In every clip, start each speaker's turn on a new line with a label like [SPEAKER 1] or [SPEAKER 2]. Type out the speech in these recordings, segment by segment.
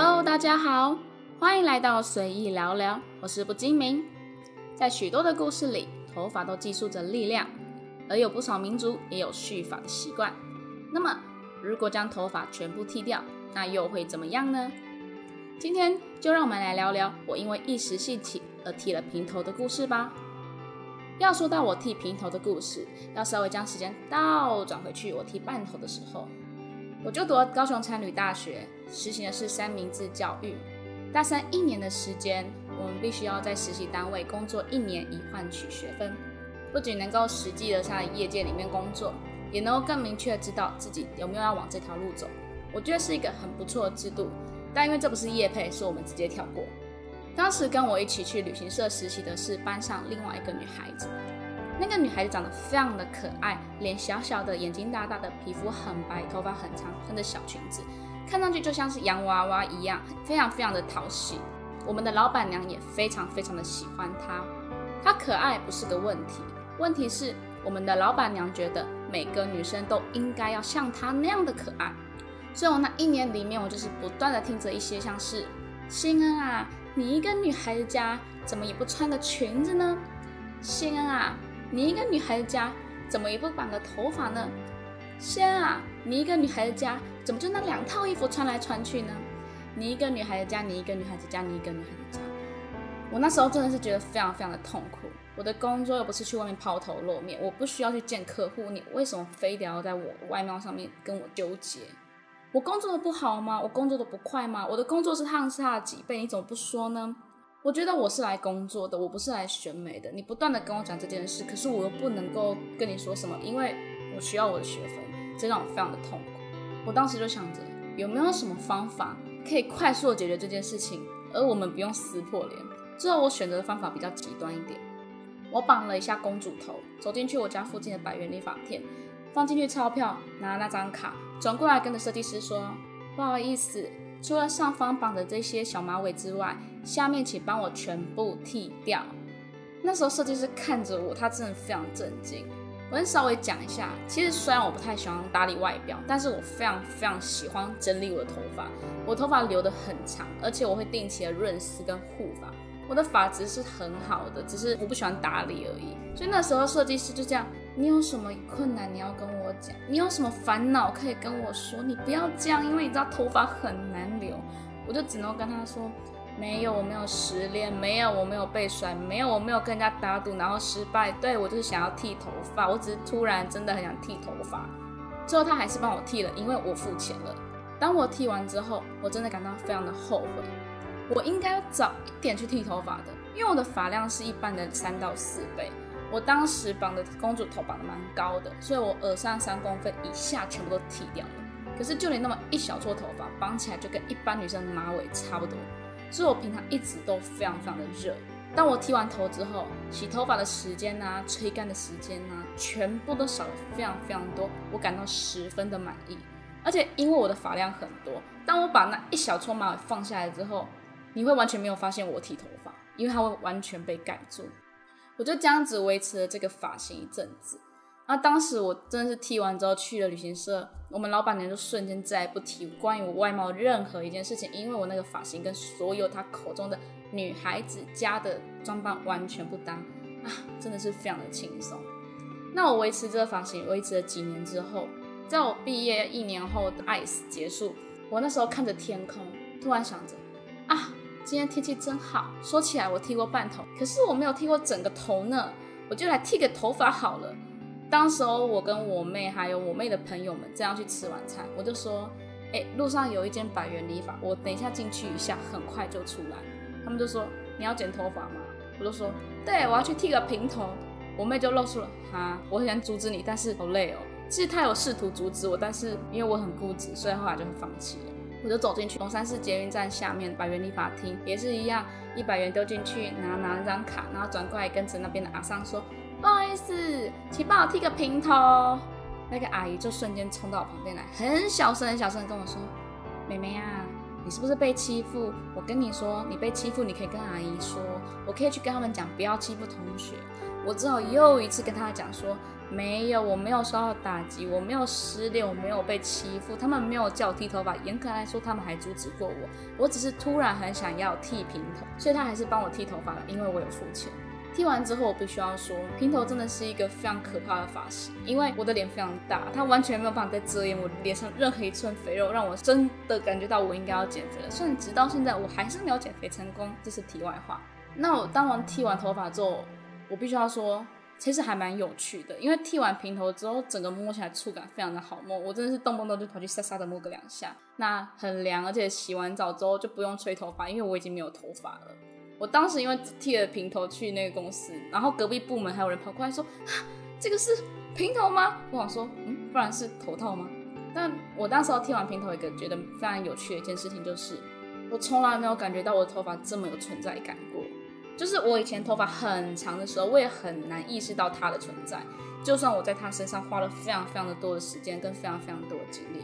[SPEAKER 1] Hello，大家好，歡迎來到隨意聊聊，我是不精明。在許多的故事裡，頭髮都寄宿着力量，而有不少民族也有蓄髮的習慣。那麼，如果將頭髮全部剃掉，那又會怎麼樣呢？今天就讓我們來聊聊我因為一時興起而剃了平頭的故事吧。要說到我剃平頭的故事，要稍微將時間倒轉回去，我剃半頭的時候。我就讀了高雄餐旅大學，實行的是三明治教育。大三一年的時間，我們必須要在實習單位工作一年以換取學分。不僅能夠實際的在業界裡面工作，也能夠更明確知道自己有沒有要往這條路走。我覺得是一個很不錯的制度，但因為這不是業配，所以我們直接跳過。當時跟我一起去旅行社實習的是班上另外一個女孩子。那個女孩子長得非常的可愛，臉小小的，眼睛大大的，皮膚很白，頭髮很長，穿着小裙子，看上去就像是洋娃娃一樣，非常非常的討喜。我們的老闆娘也非常非常的喜歡她，她可愛不是個問題，問題是我們的老闆娘覺得每個女生都應該要像她那樣的可愛。所以我那一年裡面，我就是不斷地聽着一些像是：“心恩啊，你一個女孩子家怎麼也不穿個裙子呢？”“心恩啊。”你一個女孩子家，怎麼也不綁個頭髮呢？天啊，你一個女孩子家，怎麼就那兩套衣服穿來穿去呢？你一個女孩子家，你一個女孩子家，你一個女孩子家。我那時候真的是覺得非常非常的痛苦。我的工作又不是去外面拋頭露面，我不需要去見客戶，你為什麼非得要在我外貌上面跟我糾結？我工作的不好嗎？我工作的不快嗎？我的工作是他的幾倍，你怎麼不說呢？我覺得我是來工作的，我不是來選美的。你不斷的跟我講這件事，可是我又不能夠跟你說什麼，因為我需要我的學分，這讓我非常的痛苦。我當時就想着有沒有什麼方法可以快速地解決這件事情，而我們不用撕破臉。最後我選擇的方法比較極端一點，我綁了一下公主頭，走進去我家附近的百元理髮店，放進去鈔票，拿了那張卡，轉過來跟着設計師說：“不好意思，除了上方綁的這些小馬尾之外。”下面請幫我全部剃掉。那時候設計師看着我，他真的非常震驚。我先稍微講一下，其實雖然我不太喜歡打理外表，但是我非常非常喜歡整理我的頭髮。我的頭髮留得很長，而且我會定期的潤絲跟護髮，我的髮質是很好的，只是我不喜歡打理而已。所以那時候設計師就這樣：你有什麼困難你要跟我講，你有什麼煩惱可以跟我說，你不要這樣，因為你知道頭髮很難留。我就只能跟他說。沒有，我沒有失戀，沒有，我沒有被甩，沒有，我沒有跟人家打賭然後失敗。對，我就是想要剃頭髮，我只是突然真的很想剃頭髮。最後他還是幫我剃了，因為我付錢了。當我剃完之後，我真的感到非常的後悔，我應該要早一點去剃頭髮的，因為我的髮量是一般的三到四倍。我當時綁的公主頭綁的蠻高的，所以我耳上三公分以下全部都剃掉了。可是就連那麼一小撮頭髮，綁起來就跟一般女生的馬尾差不多。這我平常一直都非常非常的熱，當我剃完頭之後，洗頭髮的時間吶、啊，吹乾的時間吶、啊，全部都少了非常非常多，我感到十分的滿意。而且因為我的髮量很多，當我把那一小撮馬尾放下來之後，你會完全沒有發現我剃頭髮，因為它會完全被蓋住。我就這樣子維持了這個髮型一陣子。那、啊、當時我真的是剃完之後去了旅行社，我們老闆娘就瞬間再也不提關於我外貌任何一件事情，因為我那個髮型跟所有她口中的女孩子家的裝扮完全不搭，啊，真的是非常的輕鬆。那我維持這個髮型維持了幾年之後，在我畢業一年後的 ICE 結束，我那時候看着天空，突然想着，啊，今天天氣真好。說起來我剃過半頭，可是我沒有剃過整個頭呢，我就來剃個頭髮好了。當時候我跟我妹還有我妹的朋友們這樣去吃晚餐，我就說，哎、欸，路上有一間百元理髮，我等一下進去一下，很快就出來。他們就說，你要剪頭髮嗎？我就說，對，我要去剃個平頭。我妹就露出了，哈，我很想阻止你，但是好累哦。其實她有試圖阻止我，但是因為我很固執，所以後來就放棄了。我就走進去，龍山寺捷運站下面百元理髮廳也是一樣，一百元丟進去，然後拿拿張卡，然後轉過來跟着那邊的阿桑說。不好意思，請幫我剃個平頭。那個阿姨就瞬間衝到我旁邊來，很小聲、很小聲地跟我說：“妹妹啊，你是不是被欺負？我跟你說，你被欺負，你可以跟阿姨說，我可以去跟他們講，不要欺負同學。”我只好又一次跟他講說：“沒有，我沒有受到打擊，我沒有失戀，我沒有被欺負，他們沒有叫我剃頭髮，嚴格來說，他們還阻止過我。我只是突然很想要剃平頭，所以他還是幫我剃頭髮了，因為我有付錢。”剃完之後，我必須要說，平頭真的是一個非常可怕的髮型，因為我的臉非常大，它完全沒有辦法再遮掩我臉上任何一寸肥肉，讓我真的感覺到我應該要減肥了。所以直到現在我還是沒有減肥成功，這是題外話。那我當完剃完頭髮之後，我必須要說，其實還蠻有趣的，因為剃完平頭之後，整個摸起來觸感非常的好摸，我真的是動不動就跑去沙沙的摸個兩下，那很涼，而且洗完澡之後就不用吹頭髮，因為我已經沒有頭髮了。我當時因為剃了平頭去那個公司，然後隔壁部門還有人跑過來說：“啊，這個是平頭嗎？”我想說：“嗯，不然是頭套嗎？”但我當時要剃完平頭，一個覺得非常有趣的一件事情就是，我從來沒有感覺到我的頭髮這麼有存在感過。就是我以前頭髮很長的時候，我也很難意識到它的存在。就算我在它身上花了非常非常的多的時間跟非常非常的多的精力，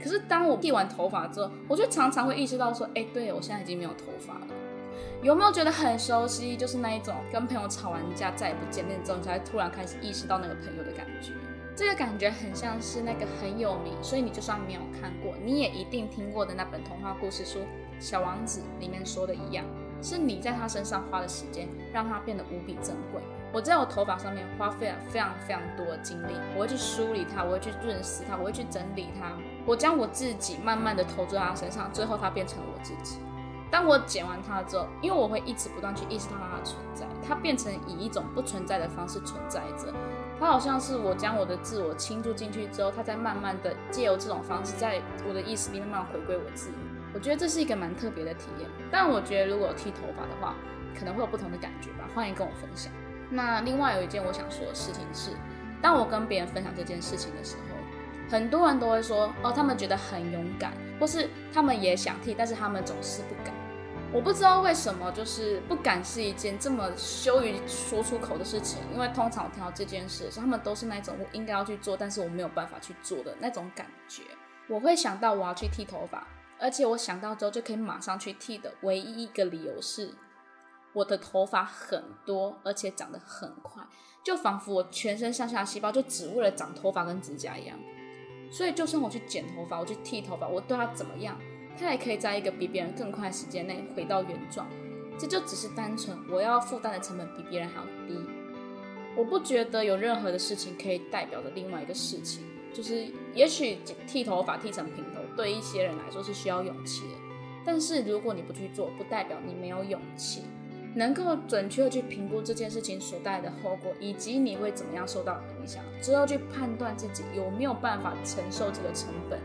[SPEAKER 1] 可是當我剃完頭髮之後，我就常常會意識到說：“哎、欸，對，我現在已經沒有頭髮了。”有沒有覺得很熟悉？就是那一種跟朋友吵完架再也不見面之後，你才會突然開始意識到那個朋友的感覺。這個感覺很像是那個很有名，所以你就算沒有看過，你也一定聽過的那本童話故事書《小王子》裡面說的一樣，是你在他身上花的時間，讓他變得無比珍貴。我在我頭髮上面花費了非常非常多的精力，我會去梳理它，我會去潤絲它，我會去整理它，我將我自己慢慢的投資在他身上，最後他變成了我自己。當我剪完它之後，因為我會一直不斷去意識到它的存在，它變成以一種不存在的方式存在着。它好像是我將我的自我傾注進去之後，它在慢慢的借由這種方式，在我的意識裡面慢慢回歸我自己。我覺得這是一個蠻特別的體驗。但我覺得如果剃頭髮的話，可能會有不同的感覺吧。歡迎跟我分享。那另外有一件我想說的事情是，當我跟別人分享這件事情的時候，很多人都會說哦，他們覺得很勇敢，或是他們也想剃，但是他們總是不敢。我不知道為什麼，就是不敢是一件這麼羞於說出口的事情。因為通常我聽到這件事，他們都是那種我應該要去做，但是我沒有辦法去做的那種感覺。我會想到我要去剃頭髮，而且我想到之後就可以馬上去剃的唯一一個理由是，我的頭髮很多，而且長得很快，就仿佛我全身上下的細胞就只為了長頭髮跟指甲一樣。所以，就算我去剪頭髮，我去剃頭髮，我對他怎麼樣，他也可以在一個比別人更快的時間內回到原狀。這就只是單純我要負擔的成本比別人還要低。我不覺得有任何的事情可以代表着另外一個事情，就是也許剃頭髮剃成平頭對一些人來說是需要勇氣的，但是如果你不去做，不代表你沒有勇氣。能夠準確地去評估這件事情所帶來的後果，以及你會怎麼樣受到影響，只要去判斷自己有沒有辦法承受這個成本，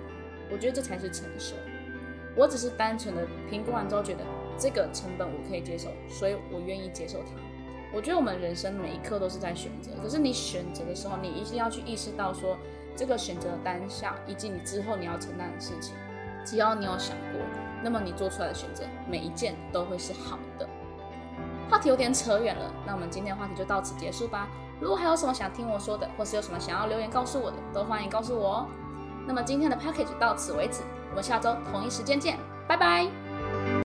[SPEAKER 1] 我覺得這才是成熟。我只是單純的評估完之後覺得這個成本我可以接受，所以我願意接受它。我覺得我們人生每一刻都是在選擇，可是你選擇的時候，你一定要去意識到說這個選擇的當下，以及你之後你要承擔的事情。只要你有想過，那麼你做出來的選擇每一件都會是好的。話題有點扯遠了，那我們今天的話題就到此結束吧。如果還有什麼想聽我說的，或是有什麼想要留言告訴我的，都歡迎告訴我哦。那麼今天的 package 到此為止，我們下周同一時間見，拜拜。